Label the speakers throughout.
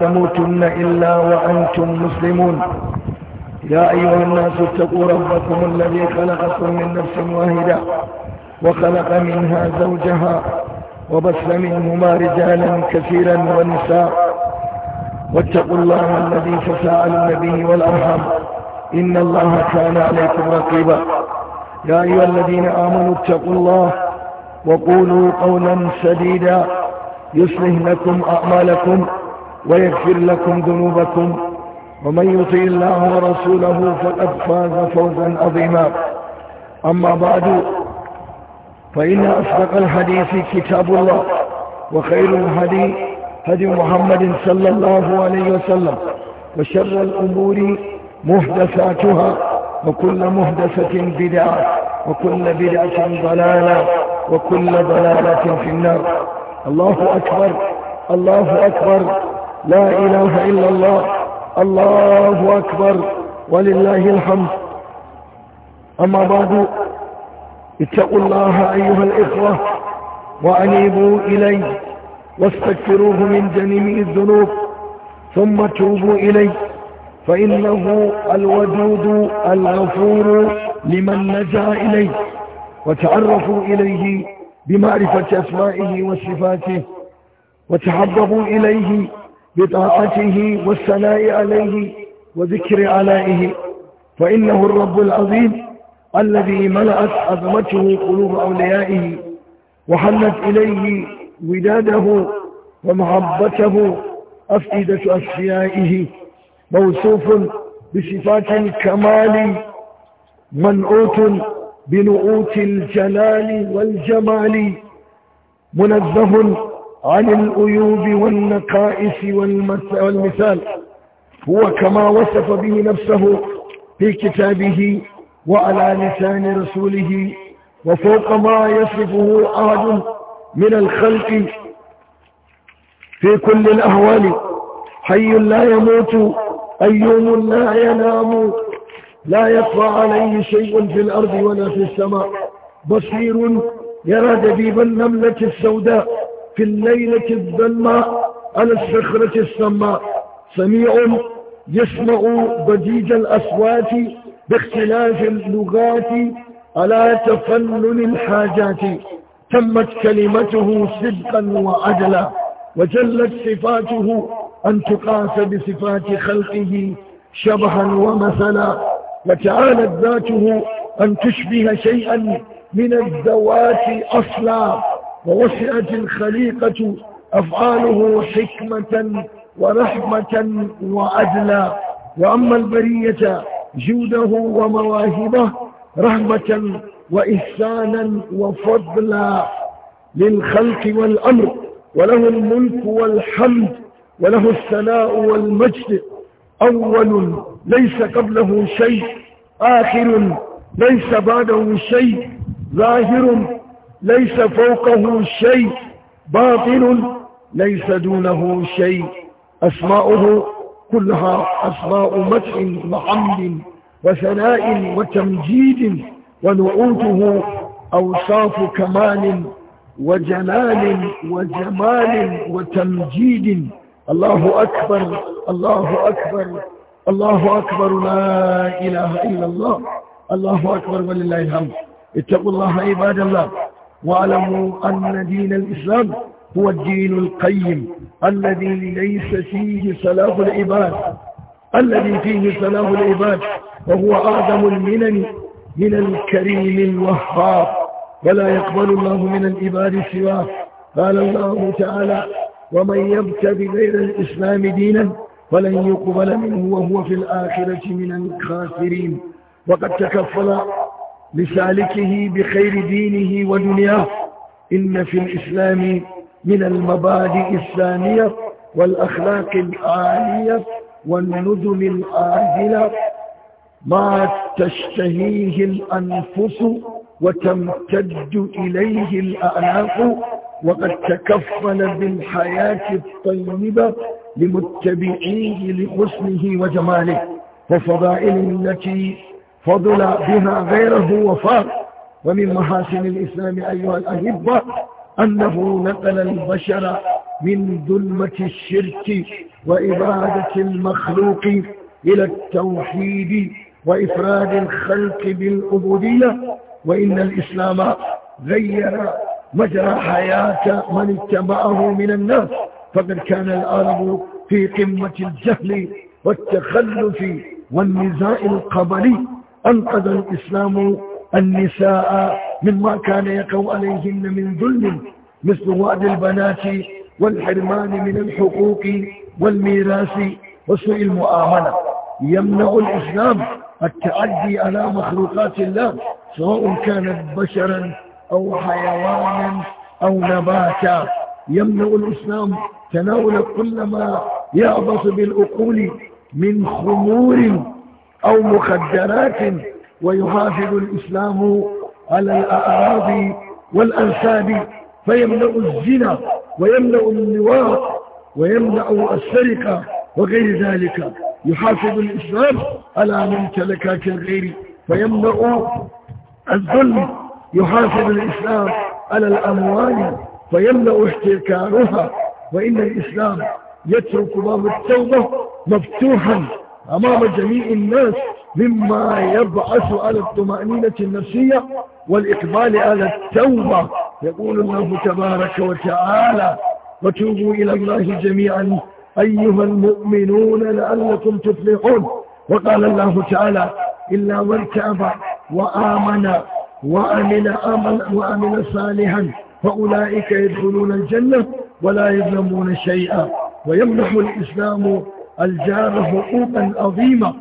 Speaker 1: تموتن إلا وأنتم مسلمون يا أيها الناس اتقوا ربكم الذي خلقكم من نفس واحدة وخلق منها زوجها وبث منهما رجالا كثيرا ونساء واتقوا الله الذي تساءلون به والأرحم إن الله كان عليكم رقيبا يا أيها الذين آمنوا اتقوا الله وقولوا قولا سديدا يصلح لكم أعمالكم ويغفر لكم ذنوبكم ومن يطيع الله ورسوله فقد فاز فوزا عظيما أما بعد فإن أصدق الحديث كتاب الله وخير الهدي هدي محمد صلى الله عليه وسلم وشر الأمور محدثاتها وكل محدثة بدعة وكل بدعة ضلالة وكل ضلالة في النار الله أكبر الله أكبر لا إله إلا الله الله أكبر ولله الحمد أما بعد اتقوا الله أيها الإخوة وأنيبوا إليه واستكفروه من جميع الذنوب ثم توبوا إليه فإنه الودود الغفور لمن نجا إليه وتعرفوا إليه بمعرفة أسمائه وصفاته وتحببوا إليه بطاعته والثناء عليه وذكر علائه فإنه الرب العظيم الذي ملأت عظمته قلوب أوليائه وحلت إليه وداده ومحبته أفئدة أصفيائه موصوف بصفات الكمال منعوت بنعوت الجلال والجمال منزه عن الأيوب والنقائص والمثال هو كما وصف به نفسه في كتابه وعلى لسان رسوله وفوق ما يصفه أحد من الخلق في كل الأهوال حي لا يموت أيوم لا ينام لا يطفى عليه شيء في الأرض ولا في السماء بصير يرى دبيب النملة السوداء في الليلة الظلماء على الصخرة السماء سميع يسمع ضجيج الأصوات باختلاف اللغات على تفنن الحاجات تمت كلمته صدقا وعدلا وجلت صفاته أن تقاس بصفات خلقه شبها ومثلا وتعالت ذاته أن تشبه شيئا من الذوات أصلا ووسعت الخليقة أفعاله حكمة ورحمة وعدلا وأما البرية جوده ومواهبه رحمة وإحسانا وفضلا للخلق والأمر وله الملك والحمد وله الثناء والمجد أول ليس قبله شيء آخر ليس بعده شيء ظاهر ليس فوقه شيء باطل ليس دونه شيء أسماؤه كلها أسماء مدح وحمد وثناء وتمجيد ونعوته أوصاف كمال وجلال وجمال وتمجيد الله أكبر الله أكبر الله أكبر لا إله إلا الله الله أكبر ولله الحمد اتقوا الله عباد الله واعلموا أن دين الإسلام هو الدين القيم الذي ليس فيه صلاح العباد الذي فيه صلاح العباد وهو أعظم المنن من الكريم الوهاب ولا يقبل الله من العباد سواه قال الله تعالى ومن يبتغي غير الإسلام دينا فلن يقبل منه وهو في الآخرة من الخاسرين وقد تكفل لسالكه بخير دينه ودنياه إن في الإسلام من المبادئ السامية والأخلاق العالية والنذل العادلة ما تشتهيه الأنفس وتمتد إليه الأعناق وقد تكفل بالحياة الطيبة لمتبعيه لحسنه وجماله وفضائله التي فضل بها غيره وفار ومن محاسن الإسلام أيها الأحبة أنه نقل البشر من ظلمة الشرك وإبادة المخلوق إلى التوحيد وإفراد الخلق بالعبودية وإن الإسلام غير مجرى حياة من اتبعه من الناس فقد كان العرب في قمة الجهل والتخلف والنزاع القبلي أنقذ الإسلام النساء مما كان يقع عليهن من ظلم مثل وعد البنات والحرمان من الحقوق والميراث وسوء المعاملة يمنع الإسلام التعدي على مخلوقات الله سواء كانت بشرا أو حيوانا أو نباتا يمنع الإسلام تناول كل ما يعبث بالأقول من خمور أو مخدرات ويحافظ الإسلام على الأعراض والأنساب فيمنع الزنا ويمنع اللواط ويمنع السرقة وغير ذلك يحافظ الإسلام على ممتلكات الغير فيمنع الظلم يحافظ الإسلام على الأموال فيمنع احتكارها وإن الإسلام يترك باب التوبة مفتوحا أمام جميع الناس مما يبعث على الطمأنينة النفسية والإقبال على التوبة يقول الله تبارك وتعالى وتوبوا إلى الله جميعا أيها المؤمنون لعلكم تفلحون وقال الله تعالى إلا من تاب وآمن وعمل, وعمل صالحا فأولئك يدخلون الجنة ولا يظلمون شيئا ويمنح الإسلام الجار حقوقا عظيمة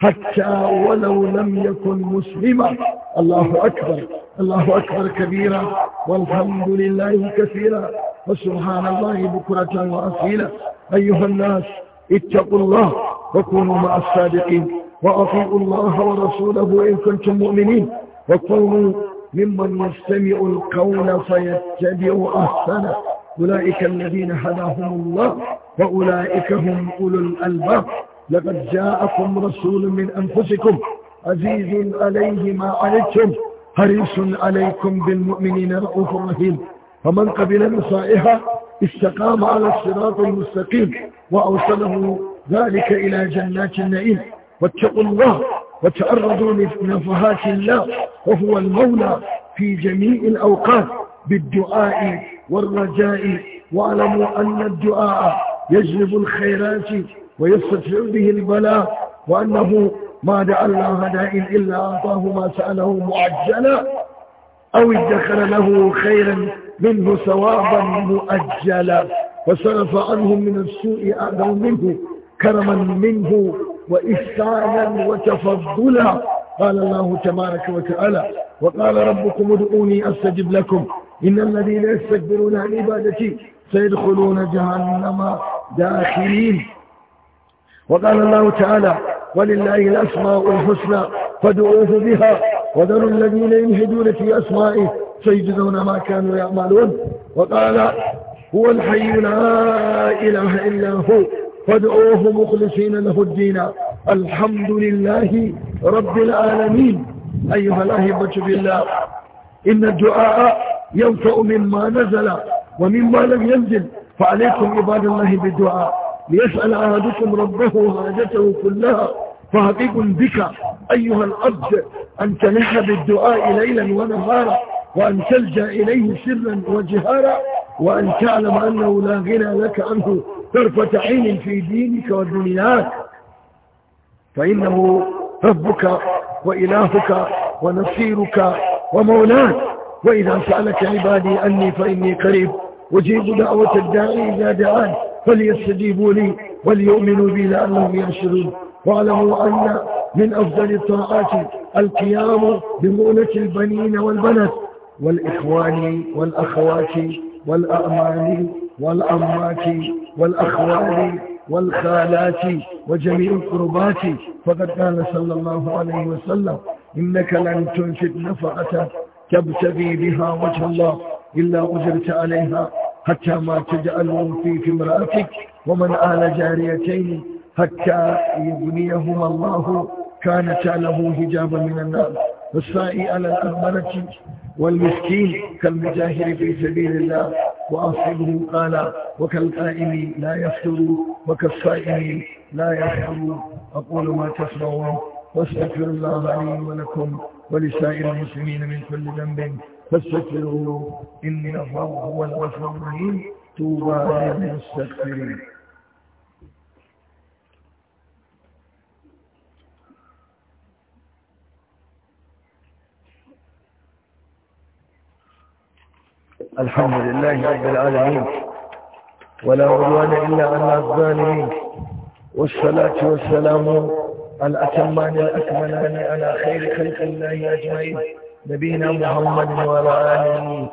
Speaker 1: حتى ولو لم يكن مسلما الله أكبر الله أكبر كبيرا والحمد لله كثيرا وسبحان الله بكرة وأصيلا أيها الناس اتقوا الله وكونوا مع الصادقين وأطيعوا الله ورسوله إن كنتم مؤمنين وكونوا ممن يستمع القول فيتبع أحسنه أولئك الذين هداهم الله فأولئك هم أولو الألباب لقد جاءكم رسول من أنفسكم عزيز عليه ما عنتم حريص عليكم بالمؤمنين رؤوف رحيم فمن قبل نصائحه استقام على الصراط المستقيم وأوصله ذلك إلى جنات النعيم واتقوا الله وتعرضوا لنفهات الله وهو المولى في جميع الأوقات بالدعاء والرجاء واعلموا أن الدعاء يجلب الخيرات ويستدفع به البلاء وأنه ما دعا الله داء إلا أعطاه ما سأله معجلا أو ادخر له خيرا منه ثوابا مؤجلا وصرف عنه من السوء أعظم منه كرما منه وإحسانا وتفضلا قال الله تبارك وتعالى وقال ربكم ادعوني أستجب لكم إن الذين يستكبرون عن عبادتي سيدخلون جهنم داخلين وقال الله تعالى ولله الأسماء الحسنى فادعوه بها وذروا الذين يلحدون في أسمائه سيجدون ما كانوا يعملون وقال هو الحي لا إله إلا هو فادعوه مخلصين له الدين الحمد لله رب العالمين أيها الأهبة بالله إن الدعاء ينفع مما نزل ومما لم ينزل فعليكم عباد الله بالدعاء ليسأل أهدكم ربه حاجته كلها فهبيب بك أيها الأبد أن تنح بالدعاء ليلا ونهارا وأن تلجأ إليه سرا وجهارا وأن تعلم أنه لا غنى لك عنه طرفة عين في دينك ودنياك فإنه ربك وإلهك ونصيرك ومولاك وإذا سألك عبادي أني فإني قريب أجيب دعوة الداعي إذا دعان فليستجيبوا لي وليؤمنوا بي لأنهم يرشدون واعلموا أن من أفضل الطاعات القيام بمؤنة البنين والبنات والإخوان والأخوات والأعمال والأمات والأخوال والخالات وجميع القربات فقد قال صلى الله عليه وسلم إنك لن تنفق نفعة تبتغي بها وجه الله إلا أجرت عليها حتى ما تجعلهم في امرأتك ومن آل جاريتين حتى يبنيهما الله كانتا له حجابا من النار والسائي على الأرملة والمسكين كالمجاهر في سبيل الله وأصحبه قال وكالقائم لا يفتر وكالصائم لا يفتر أقول ما تسمعون واستغفر الله لي ولكم ولسائر المسلمين من كل ذنب فاستغفروه إن الله هو الغفور الرحيم توبى للمستغفرين الحمد لله رب العالمين ولا عدوان إلا على الظالمين والصلاة والسلام الأتمان الأكملان على خير خلق الله أجمعين نبينا محمد وعلى آله